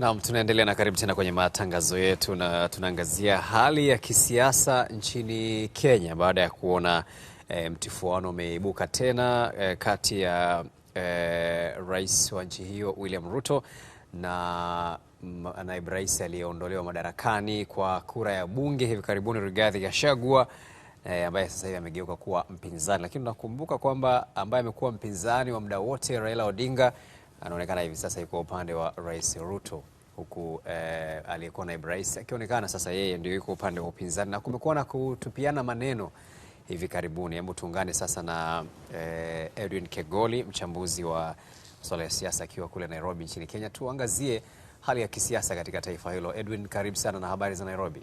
Naam, tunaendelea na karibu tena kwenye matangazo yetu na tunaangazia hali ya kisiasa nchini Kenya baada ya kuona e, mtifuano umeibuka tena e, kati ya e, rais wa nchi hiyo William Ruto na naibu rais aliyeondolewa madarakani kwa kura ya bunge hivi karibuni Rigathi Gachagua e, ambaye sasa hivi amegeuka kuwa mpinzani, lakini tunakumbuka kwamba ambaye amekuwa mpinzani wa muda wote Raila Odinga anaonekana hivi sasa yuko upande wa Rais Ruto huku eh, aliyekuwa naibu rais akionekana sasa yeye ndio yuko upande wa upinzani na kumekuwa na kutupiana maneno hivi karibuni. Hebu tuungane sasa na eh, Edwin Kegoli, mchambuzi wa masuala ya siasa akiwa kule Nairobi nchini Kenya. Tuangazie hali ya kisiasa katika taifa hilo. Edwin, karibu sana na habari za Nairobi.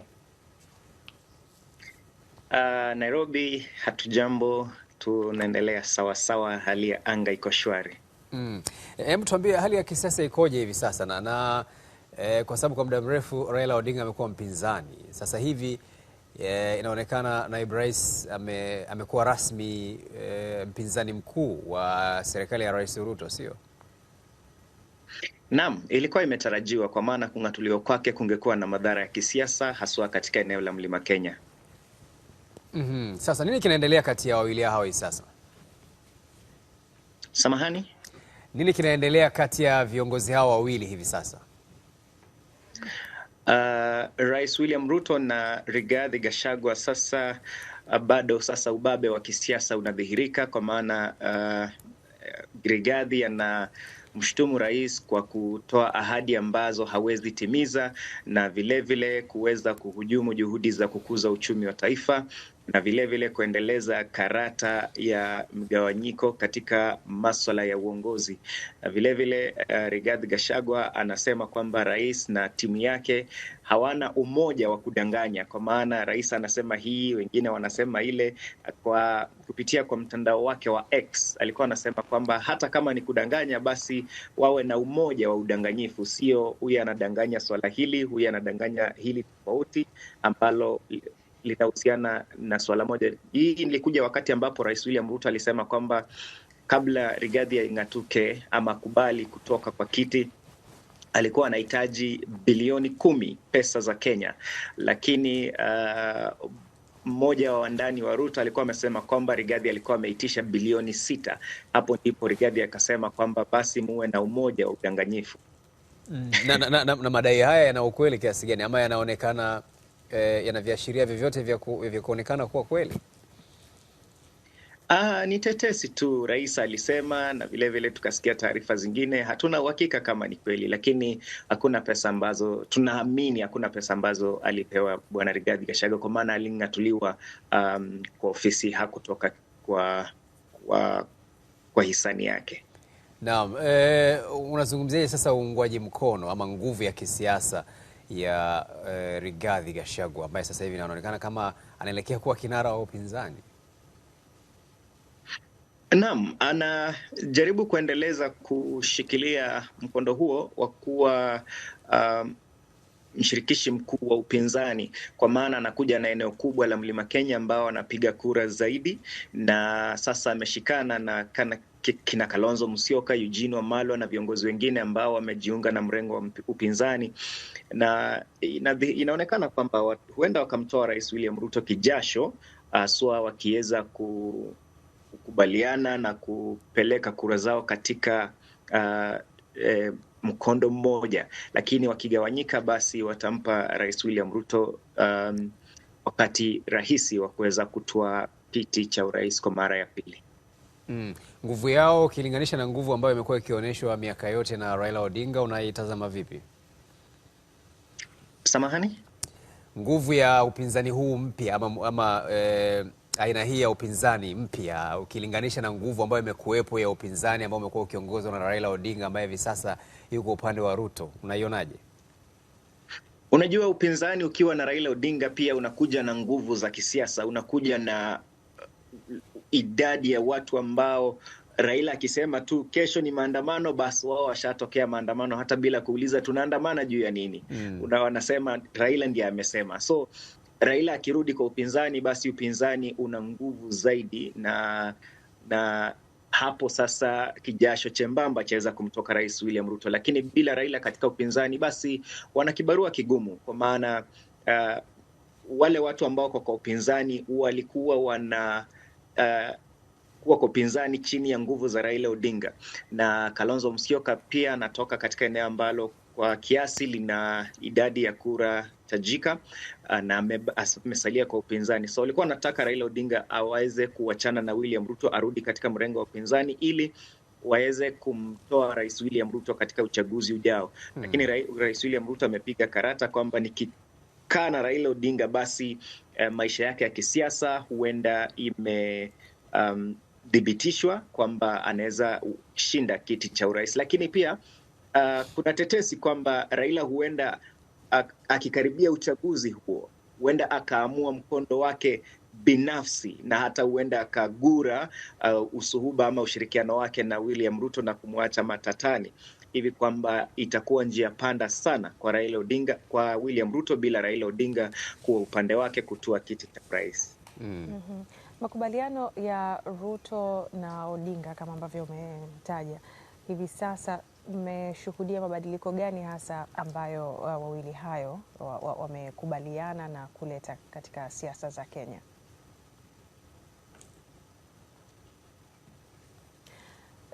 Uh, Nairobi hatujambo, tunaendelea sawasawa, hali ya anga iko shwari. Mm. Hebu tuambie hali ya kisiasa ikoje hivi sasa na, na e, kwa sababu kwa muda mrefu Raila Odinga amekuwa mpinzani. Sasa hivi e, inaonekana naibu rais ame, amekuwa rasmi e, mpinzani mkuu wa serikali ya Rais Ruto sio? Naam, ilikuwa imetarajiwa kwa maana kung'atuliwa kwake kungekuwa na madhara ya kisiasa haswa katika eneo la Mlima Kenya. Mm -hmm. Sasa nini kinaendelea kati ya wawili hao hivi sasa? Samahani? Nini kinaendelea kati ya viongozi hao wawili hivi sasa? Uh, Rais William Ruto na Rigathi Gachagua sasa uh, bado sasa ubabe wa kisiasa unadhihirika kwa maana uh, Rigathi ana mshutumu rais kwa kutoa ahadi ambazo hawezi timiza na vilevile kuweza kuhujumu juhudi za kukuza uchumi wa taifa, na vilevile vile kuendeleza karata ya mgawanyiko katika maswala ya uongozi. Na vilevile vile, uh, Rigathi Gachagua anasema kwamba rais na timu yake hawana umoja wa kudanganya, kwa maana rais anasema hii, wengine wanasema ile. Kwa kupitia kwa mtandao wake wa X alikuwa anasema kwamba hata kama ni kudanganya, basi wawe na umoja wa udanganyifu, sio huyu anadanganya swala hili, huyu anadanganya hili tofauti, ambalo linahusiana na swala moja. Hii ilikuja wakati ambapo Rais William Ruto alisema kwamba kabla Rigathi aing'atuke ama kubali kutoka kwa kiti alikuwa anahitaji bilioni kumi pesa za Kenya, lakini uh, mmoja wa wandani wa Ruto alikuwa amesema kwamba Rigathi alikuwa ameitisha bilioni sita. Hapo ndipo Rigathi akasema kwamba basi muwe na umoja wa udanganyifu. Mm, na, na, na, na madai haya yana ukweli kiasi gani ama yanaonekana eh, yana viashiria vyovyote vya kuonekana kuwa kweli? Ah, ni tetesi tu, rais alisema, na vilevile tukasikia taarifa zingine. Hatuna uhakika kama ni kweli, lakini hakuna pesa ambazo tunaamini, hakuna pesa ambazo alipewa bwana Rigathi Gachagua, kwa maana aling'atuliwa um, kwa ofisi, hakutoka kwa, kwa, kwa hisani yake. Naam, eh, unazungumziaje sasa uungwaji mkono ama nguvu ya kisiasa ya eh, Rigathi Gachagua ambaye sasa hivi anaonekana kama anaelekea kuwa kinara wa upinzani. Naam, anajaribu kuendeleza kushikilia mkondo huo wa kuwa um, mshirikishi mkuu wa upinzani kwa maana anakuja na eneo kubwa la Mlima Kenya ambao anapiga kura zaidi, na sasa ameshikana na kana kina Kalonzo Musyoka, Eugene Wamalwa na viongozi wengine ambao wamejiunga na mrengo wa upinzani, na inaonekana kwamba huenda wakamtoa Rais William Ruto kijasho, haswa wakiweza kukubaliana na kupeleka kura zao katika uh, eh, mkondo mmoja, lakini wakigawanyika, basi watampa Rais William Ruto um, wakati rahisi wa kuweza kutoa kiti cha urais kwa mara ya pili. Mm. Nguvu yao ukilinganisha na nguvu ambayo imekuwa ikionyeshwa miaka yote na Raila Odinga unaitazama vipi? Samahani? Nguvu ya upinzani huu mpya ama, ama e, aina hii ya upinzani mpya ukilinganisha na nguvu ambayo imekuwepo ya upinzani ambao umekuwa ukiongozwa na Raila Odinga ambaye hivi sasa yuko upande wa Ruto unaionaje? Unajua, upinzani ukiwa na Raila Odinga pia unakuja na nguvu za kisiasa, unakuja na idadi ya watu ambao Raila akisema tu kesho ni maandamano, basi wao washatokea maandamano hata bila kuuliza tunaandamana juu ya nini. Mm. wanasema Raila ndiye amesema. So Raila akirudi kwa upinzani, basi upinzani una nguvu zaidi na na hapo sasa kijasho chembamba chaweza kumtoka Rais William Ruto, lakini bila Raila katika upinzani, basi wana kibarua kigumu, kwa maana uh, wale watu ambao wako kwa upinzani walikuwa wana uh, kuwa kwa upinzani chini ya nguvu za Raila Odinga na Kalonzo Musyoka pia anatoka katika eneo ambalo kwa kiasi lina idadi ya kura tajika uh, na amesalia kwa upinzani. So walikuwa wanataka Raila Odinga aweze kuachana na William Ruto, arudi katika mrengo wa upinzani ili waweze kumtoa Rais William Ruto katika uchaguzi ujao hmm. Lakini Rais William Ruto amepiga karata kwamba nikikaa na Raila Odinga basi eh, maisha yake ya kisiasa huenda imethibitishwa um, kwamba anaweza shinda kiti cha urais, lakini pia uh, kuna tetesi kwamba Raila huenda akikaribia uchaguzi huo huenda akaamua mkondo wake binafsi na hata huenda akagura uh, usuhuba ama ushirikiano wake na William Ruto na kumwacha matatani hivi kwamba itakuwa njia panda sana kwa Raila Odinga, kwa William Ruto bila Raila Odinga kuwa upande wake kutua kiti cha rais. Mm. Mm -hmm. Makubaliano ya Ruto na Odinga kama ambavyo umetaja hivi sasa mmeshuhudia mabadiliko gani hasa ambayo uh, wawili hayo wamekubaliana wa, wa na kuleta katika siasa za Kenya?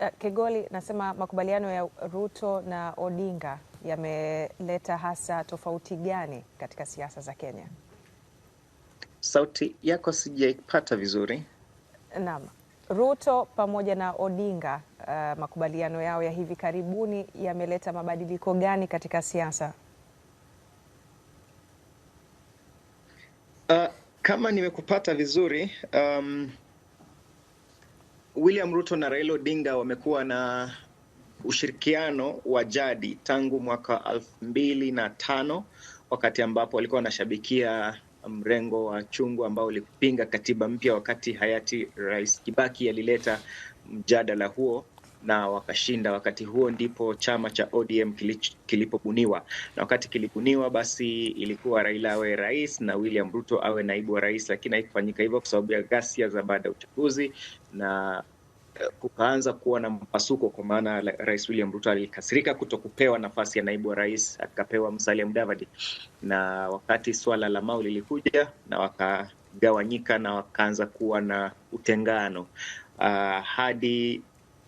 Eh, Kegoli, nasema makubaliano ya Ruto na Odinga yameleta hasa tofauti gani katika siasa za Kenya? Sauti yako sijaipata vizuri. Naam, Ruto pamoja na Odinga, uh, makubaliano yao ya hivi karibuni yameleta mabadiliko gani katika siasa? Uh, kama nimekupata vizuri um... William Ruto na Raila Odinga wamekuwa na ushirikiano wa jadi tangu mwaka elfu mbili na tano wakati ambapo walikuwa wanashabikia mrengo wa chungu ambao ulipinga katiba mpya, wakati hayati Rais Kibaki alileta mjadala huo na wakashinda. Wakati huo ndipo chama cha ODM kilipobuniwa, na wakati kilibuniwa, basi ilikuwa Raila awe rais na William Ruto awe naibu wa rais, lakini haikufanyika hivyo kwa sababu ya ghasia za baada ya uchaguzi na eh, kukaanza kuwa na mpasuko kwa maana Rais William Ruto alikasirika kuto kupewa nafasi ya naibu wa rais, akapewa Musalia Mudavadi. Na wakati swala la Mau lilikuja na wakagawanyika na wakaanza kuwa na utengano uh, hadi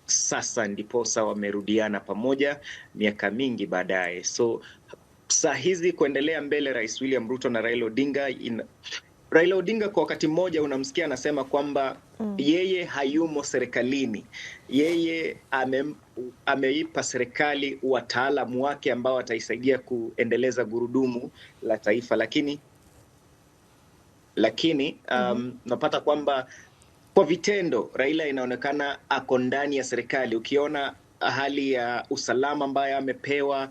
sasa ndiposa wamerudiana pamoja miaka mingi baadaye. So saa hizi kuendelea mbele, Rais William Ruto na Raila Odinga in... Raila Odinga kwa wakati mmoja unamsikia anasema kwamba mm, yeye hayumo serikalini, yeye ame, ameipa serikali wataalamu wake ambao wataisaidia kuendeleza gurudumu la taifa, lakini lakini um, mm, napata kwamba kwa vitendo, Raila inaonekana ako ndani ya serikali. Ukiona hali ya usalama ambayo amepewa,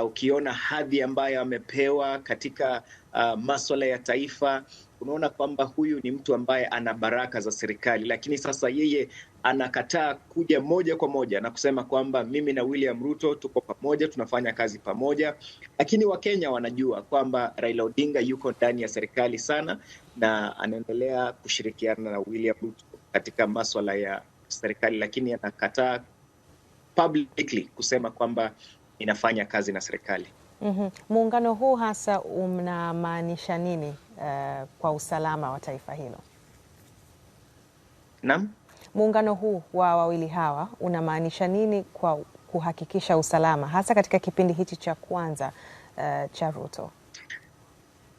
uh, ukiona hadhi ambayo amepewa katika uh, maswala ya taifa unaona kwamba huyu ni mtu ambaye ana baraka za serikali, lakini sasa yeye anakataa kuja moja kwa moja na kusema kwamba mimi na William Ruto tuko pamoja, tunafanya kazi pamoja. Lakini Wakenya wanajua kwamba Raila Odinga yuko ndani ya serikali sana na anaendelea kushirikiana na William Ruto katika maswala ya serikali, lakini anakataa publicly kusema kwamba inafanya kazi na serikali. Mm -hmm. Muungano huu hasa unamaanisha nini uh, kwa usalama wa taifa hilo? Naam? Muungano huu wa wawili hawa unamaanisha nini kwa kuhakikisha usalama hasa katika kipindi hichi cha kwanza uh, cha Ruto?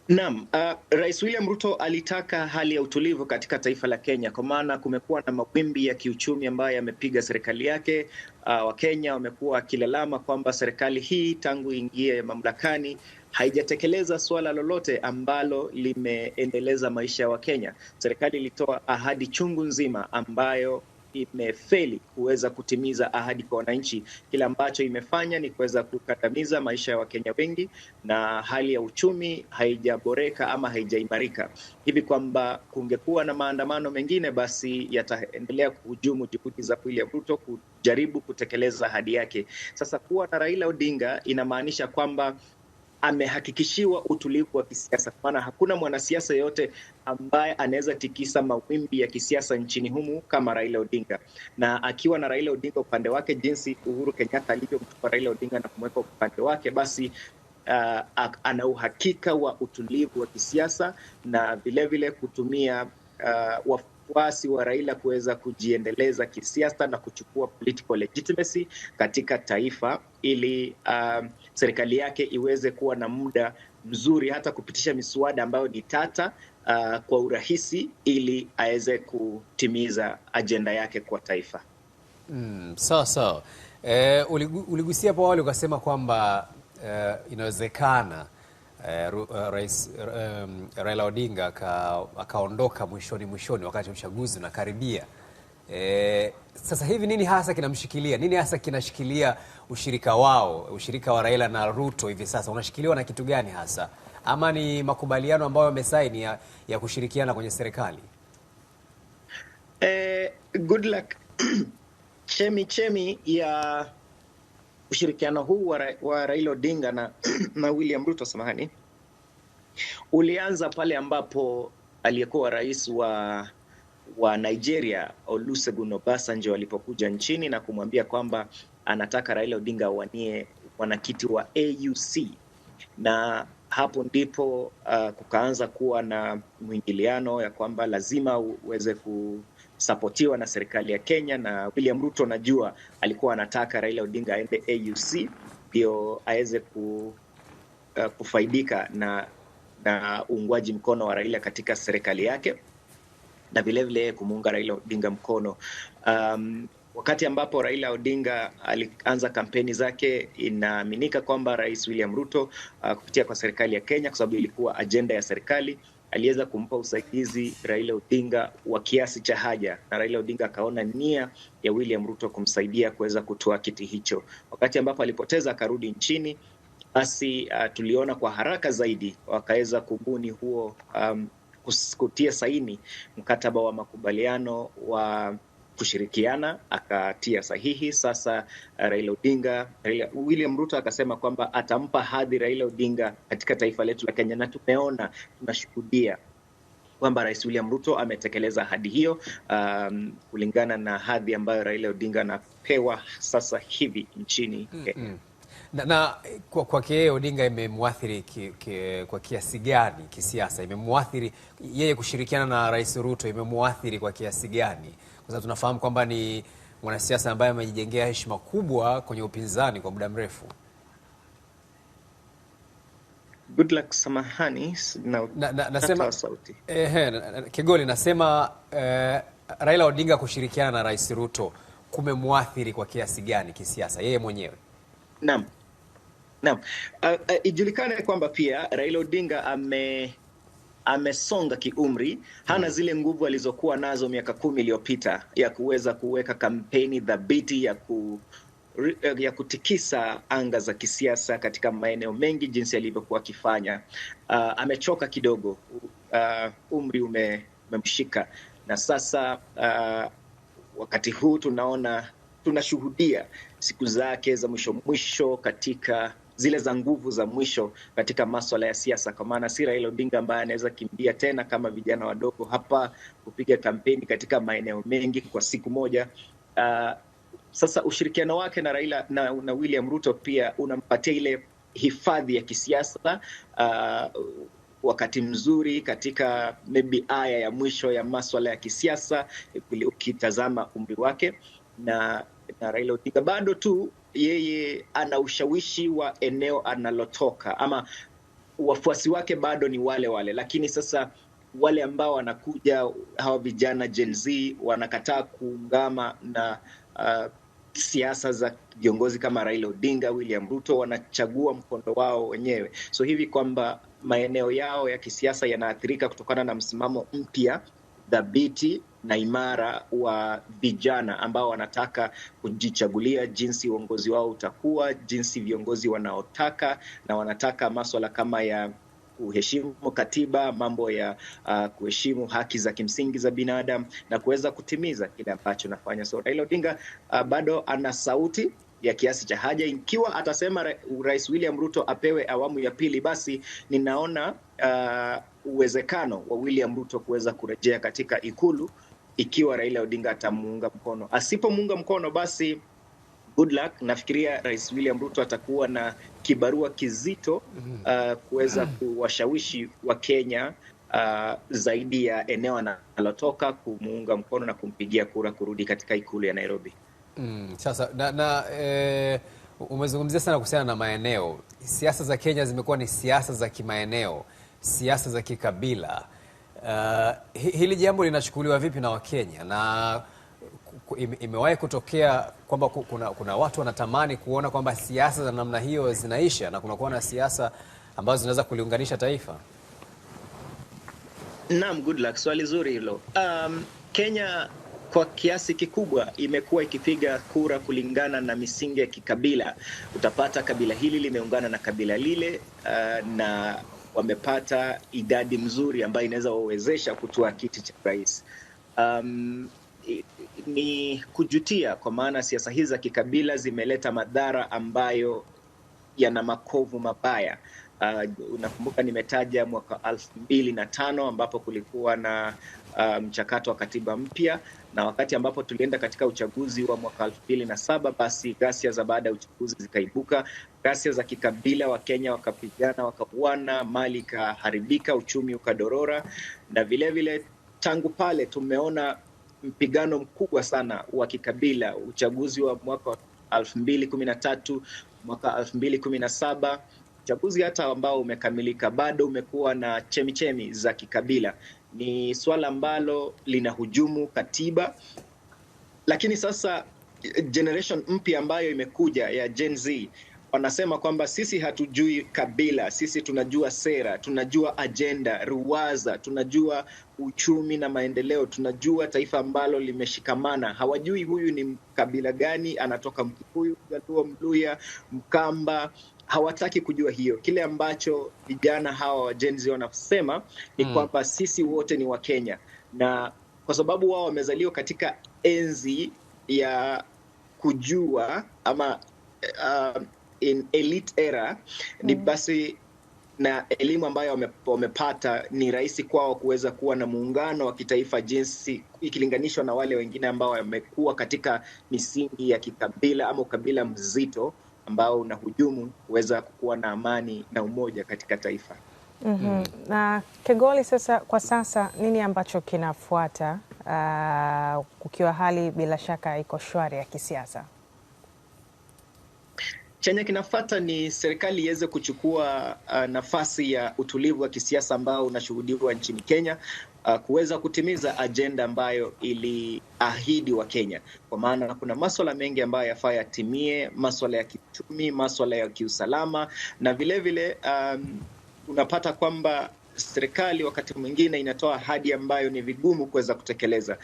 Naam, uh, Rais William Ruto alitaka hali ya utulivu katika taifa la Kenya kwa maana kumekuwa na mawimbi ya kiuchumi ambayo yamepiga serikali yake. Uh, Wakenya wamekuwa wakilalama kwamba serikali hii tangu ingie mamlakani haijatekeleza suala lolote ambalo limeendeleza maisha ya Wakenya. Serikali ilitoa ahadi chungu nzima ambayo imefeli kuweza kutimiza ahadi kwa wananchi. Kile ambacho imefanya ni kuweza kukandamiza maisha ya Wakenya wengi, na hali ya uchumi haijaboreka ama haijaimarika hivi kwamba kungekuwa na maandamano mengine, basi yataendelea kuhujumu juhudi za William Ruto kujaribu kutekeleza ahadi yake. Sasa kuwa na Raila Odinga inamaanisha kwamba amehakikishiwa utulivu wa kisiasa, maana hakuna mwanasiasa yeyote ambaye anaweza tikisa mawimbi ya kisiasa nchini humu kama Raila Odinga, na akiwa na Raila Odinga upande wake, jinsi Uhuru Kenyatta alivyomtupa Raila Odinga na kumweka upande wake, basi uh, ana uhakika wa utulivu wa kisiasa na vilevile kutumia uh, wafuasi wa Raila kuweza kujiendeleza kisiasa na kuchukua political legitimacy katika taifa ili uh, serikali yake iweze kuwa na muda mzuri hata kupitisha miswada ambayo ni tata uh, kwa urahisi ili aweze kutimiza ajenda yake kwa taifa. Mm, sawa sawa. Eh, uligusia hapo awali ukasema kwamba eh, inawezekana Eh, eh, rais eh, um, Raila Odinga akaondoka mwishoni mwishoni wakati uchaguzi unakaribia. E, sasa hivi nini hasa kinamshikilia? Nini hasa kinashikilia ushirika wao, ushirika wa Raila na Ruto hivi sasa unashikiliwa na kitu gani hasa, ama ni makubaliano ambayo wamesaini ya, ya kushirikiana kwenye serikali? Eh, good luck chemi chemi ya ushirikiano huu wa, wa Raila Odinga na, na William Ruto samahani, ulianza pale ambapo aliyekuwa rais wa wa Nigeria Olusegun Obasanjo alipokuja nchini na kumwambia kwamba anataka Raila Odinga awanie wanakiti wa AUC na hapo ndipo uh, kukaanza kuwa na mwingiliano ya kwamba lazima uweze ku, kusapotiwa na serikali ya Kenya, na William Ruto najua alikuwa anataka Raila Odinga aende AUC ndio aweze ku, uh, kufaidika na na uungwaji mkono wa Raila katika serikali yake na vilevile kumuunga Raila Odinga mkono. Um, wakati ambapo Raila Odinga alianza kampeni zake, inaaminika kwamba Rais William Ruto uh, kupitia kwa serikali ya Kenya, kwa sababu ilikuwa ajenda ya serikali aliweza kumpa usaidizi Raila Odinga wa kiasi cha haja, na Raila Odinga akaona nia ya William Ruto kumsaidia kuweza kutoa kiti hicho. Wakati ambapo alipoteza akarudi nchini, basi uh, tuliona kwa haraka zaidi wakaweza kubuni huo um, kutia saini mkataba wa makubaliano wa kushirikiana akatia sahihi. Sasa eh, Raila Odinga, Raila, William Ruto akasema kwamba atampa hadhi Raila Odinga katika taifa letu la Kenya, na tumeona tunashuhudia kwamba Rais William Ruto ametekeleza ahadi hiyo um, kulingana na hadhi ambayo Raila Odinga anapewa sasa hivi nchini mm -mm. na, na kwa kwake yeye Odinga imemwathiri ki, ki, kwa kiasi gani kisiasa? Imemwathiri yeye kushirikiana na Rais Ruto imemwathiri kwa kiasi gani? kwa sababu tunafahamu kwamba ni mwanasiasa ambaye amejijengea heshima kubwa kwenye upinzani kwa muda mrefu. Good luck, samahani nasema, Kegoli nasema eh, Raila Odinga kushirikiana na Rais Ruto kumemwathiri kwa kiasi gani kisiasa yeye mwenyewe? Naam. Naam. Uh, uh, ijulikane kwamba pia Raila Odinga ame amesonga kiumri, hana hmm. zile nguvu alizokuwa nazo miaka kumi iliyopita ya kuweza kuweka kampeni dhabiti ya ku ya kutikisa anga za kisiasa katika maeneo mengi jinsi alivyokuwa akifanya. Uh, amechoka kidogo. Uh, umri ume, umemshika na sasa uh, wakati huu tunaona tunashuhudia siku zake za mwisho mwisho katika zile za nguvu za mwisho katika maswala ya siasa, kwa maana si Raila Odinga ambaye anaweza kimbia tena kama vijana wadogo hapa kupiga kampeni katika maeneo mengi kwa siku moja. Uh, sasa ushirikiano wake na Raila na, na William Ruto pia unampatia ile hifadhi ya kisiasa uh, wakati mzuri katika maybe aya ya mwisho ya maswala ya kisiasa ukitazama umri wake na, na Raila Odinga bado tu yeye ana ushawishi wa eneo analotoka, ama wafuasi wake bado ni wale wale, lakini sasa wale ambao wanakuja hawa vijana Gen Z wanakataa kuungama na uh, siasa za viongozi kama Raila Odinga, William Ruto, wanachagua mkondo wao wenyewe. So hivi kwamba maeneo yao ya kisiasa yanaathirika kutokana na msimamo mpya thabiti na imara wa vijana ambao wanataka kujichagulia jinsi uongozi wao utakuwa, jinsi viongozi wanaotaka, na wanataka maswala kama ya kuheshimu katiba, mambo ya uh, kuheshimu haki za kimsingi za binadamu na kuweza kutimiza kile ambacho nafanya. So Raila Odinga uh, bado ana sauti ya kiasi cha haja. Ikiwa atasema Rais William Ruto apewe awamu ya pili, basi ninaona uh, uwezekano wa William Ruto kuweza kurejea katika Ikulu ikiwa Raila Odinga atamuunga mkono. Asipomuunga mkono, basi good luck. Nafikiria Rais William Ruto atakuwa na kibarua kizito mm-hmm. uh, kuweza mm-hmm. kuwashawishi Kenya uh, zaidi ya eneo analotoka kumuunga mkono na kumpigia kura kurudi katika Ikulu ya Nairobi. Mm, sasa na, na eh, umezungumzia sana kuhusiana na maeneo. Siasa za Kenya zimekuwa ni siasa za kimaeneo siasa za kikabila. Uh, hili jambo linachukuliwa vipi na Wakenya na imewahi kutokea kwamba kuna, kuna watu wanatamani kuona kwamba siasa za namna hiyo zinaisha na kunakuwa na siasa ambazo zinaweza kuliunganisha taifa? Naam, good luck. Swali zuri hilo. Um, Kenya kwa kiasi kikubwa imekuwa ikipiga kura kulingana na misingi ya kikabila. Utapata kabila hili limeungana na kabila lile, uh, na wamepata idadi mzuri ambayo inaweza wawezesha kutoa kiti cha rais. Um, ni kujutia kwa maana siasa hizi za kikabila zimeleta madhara ambayo yana makovu mabaya. Uh, unakumbuka nimetaja mwaka elfu mbili na tano ambapo kulikuwa na uh, mchakato um, wa katiba mpya na wakati ambapo tulienda katika uchaguzi wa mwaka elfu mbili na saba basi ghasia za baada ya uchaguzi zikaibuka, ghasia za kikabila, Wakenya wakapigana, wakauana, mali ikaharibika, uchumi ukadorora, na vilevile vile, tangu pale tumeona mpigano mkubwa sana wa kikabila, uchaguzi wa mwaka wa elfu mbili kumi na tatu mwaka elfu mbili kumi na saba uchaguzi hata ambao umekamilika bado umekuwa na chemichemi za kikabila. Ni swala ambalo lina hujumu katiba, lakini sasa generation mpya ambayo imekuja ya Gen Z wanasema kwamba sisi hatujui kabila, sisi tunajua sera, tunajua ajenda, ruwaza, tunajua uchumi na maendeleo, tunajua taifa ambalo limeshikamana. Hawajui huyu ni kabila gani, anatoka Mkikuyu, Jaluo, Mluya, Mkamba. Hawataki kujua hiyo. Kile ambacho vijana hawa wajenzi wanasema ni mm, kwamba sisi wote ni Wakenya, na kwa sababu wao wamezaliwa katika enzi ya kujua ama uh, in elite era ni mm. basi na elimu ambayo wamepata ni rahisi kwao kuweza kuwa na muungano wa kitaifa jinsi ikilinganishwa na wale wengine ambao wamekuwa katika misingi ya kikabila ama ukabila mzito ambao unahujumu kuweza kuwa na amani na umoja katika taifa. Mm -hmm. Mm. Na Kegoli, sasa kwa sasa nini ambacho kinafuata, uh, kukiwa hali bila shaka iko shwari ya kisiasa? Chenye kinafata ni serikali iweze kuchukua uh, nafasi ya utulivu wa kisiasa ambao unashuhudiwa nchini Kenya uh, kuweza kutimiza ajenda ambayo iliahidi wa Kenya, kwa maana kuna maswala mengi ambayo yafaa yatimie, maswala ya kiuchumi, maswala ya kiusalama na vilevile vile, um, unapata kwamba serikali wakati mwingine inatoa ahadi ambayo ni vigumu kuweza kutekeleza.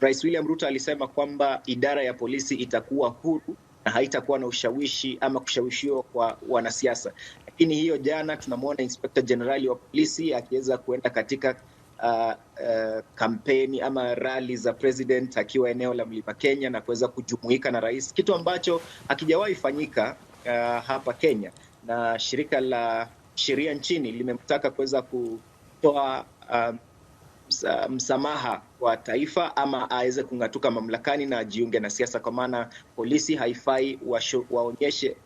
Rais William Ruto alisema kwamba idara ya polisi itakuwa huru na haitakuwa na ushawishi ama kushawishiwa kwa wanasiasa. Lakini hiyo jana tunamwona Inspekta Jenerali wa polisi akiweza kuenda katika Uh, uh, kampeni ama rali za president akiwa eneo la Mlima Kenya na kuweza kujumuika na rais, kitu ambacho hakijawahi fanyika uh, hapa Kenya, na shirika la sheria nchini limemtaka kuweza kutoa uh, msamaha kwa taifa ama aweze kung'atuka mamlakani na ajiunge na siasa, kwa maana polisi haifai waonyeshe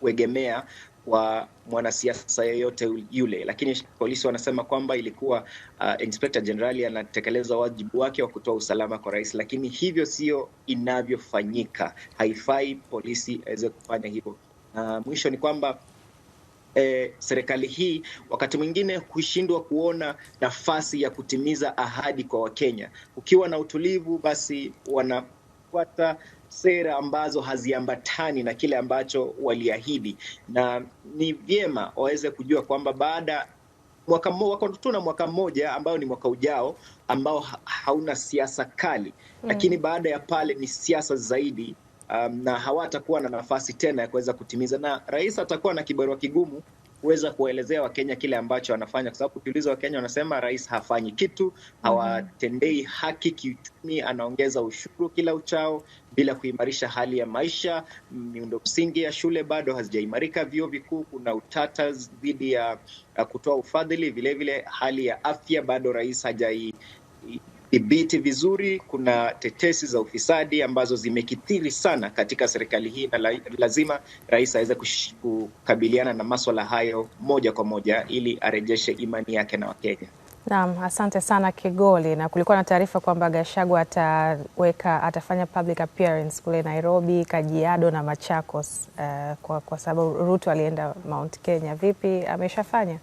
kuegemea kwa mwanasiasa yeyote yule. Lakini polisi wanasema kwamba ilikuwa uh, inspekta jenerali anatekeleza wajibu wake wa kutoa usalama kwa rais, lakini hivyo sio inavyofanyika. Haifai polisi aweze kufanya hivyo. Na uh, mwisho ni kwamba eh, serikali hii wakati mwingine hushindwa kuona nafasi ya kutimiza ahadi kwa Wakenya. ukiwa na utulivu, basi wanafuata sera ambazo haziambatani na kile ambacho waliahidi, na ni vyema waweze kujua kwamba baada mwaka wako tu na mwaka mmoja ambao ni mwaka ujao ambao hauna siasa kali, mm. lakini baada ya pale ni siasa zaidi um, na hawatakuwa na nafasi tena ya kuweza kutimiza, na rais atakuwa na kibarua kigumu kuweza kuwaelezea Wakenya kile ambacho wanafanya kwa sababu ukiuliza Wakenya wanasema rais hafanyi kitu, mhm. hawatendei haki kiuchumi, anaongeza ushuru kila uchao bila kuimarisha hali ya maisha. Miundo msingi ya shule bado hazijaimarika, vyuo vikuu kuna utata dhidi ya kutoa ufadhili, vilevile hali ya afya bado rais hajai kudhibiti vizuri. Kuna tetesi za ufisadi ambazo zimekithiri sana katika serikali hii, na lazima rais aweze kukabiliana na maswala hayo moja kwa moja ili arejeshe imani yake na Wakenya. Naam, asante sana Kigoli. Na kulikuwa na taarifa kwamba Gachagua ataweka atafanya public appearance kule Nairobi, Kajiado na Machakos uh, kwa, kwa sababu Ruto alienda Mount Kenya. Vipi ameshafanya?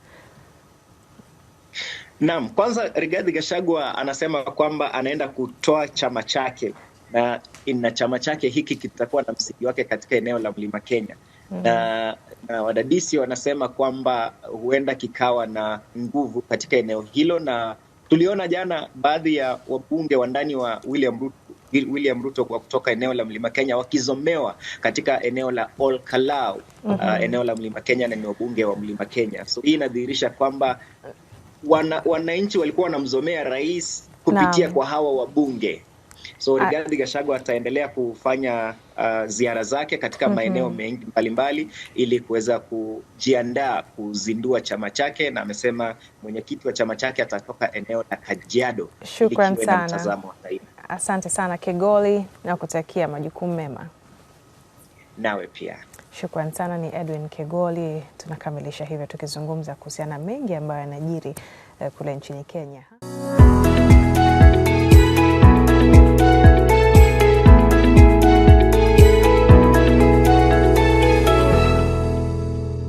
Naam, kwanza Rigathi Gachagua anasema kwamba anaenda kutoa chama chake na ina chama chake hiki kitakuwa na msingi wake katika eneo la Mlima Kenya. Mm -hmm. Na, na wadadisi wanasema kwamba huenda kikawa na nguvu katika eneo hilo, na tuliona jana baadhi ya wabunge wa ndani wa William Ruto William Ruto kwa kutoka eneo la Mlima Kenya wakizomewa katika eneo la Ol mm -hmm. Uh, eneo la Mlima Kenya na ni wabunge wa Mlima Kenya, so hii inadhihirisha kwamba wananchi wana walikuwa wanamzomea rais kupitia no. kwa hawa wabunge. So Rigathi gashago ataendelea kufanya uh, ziara zake katika mm -hmm. maeneo mengi mbalimbali ili kuweza kujiandaa kuzindua chama chake, na amesema mwenyekiti wa chama chake atatoka eneo la Kajiado. Shukran mtazamo wa taifa. Asante sana Kegoli, na kutakia majukumu mema nawe pia shukrani sana, ni Edwin Kegoli. Tunakamilisha hivyo tukizungumza kuhusiana mengi ambayo yanajiri eh, kule nchini Kenya.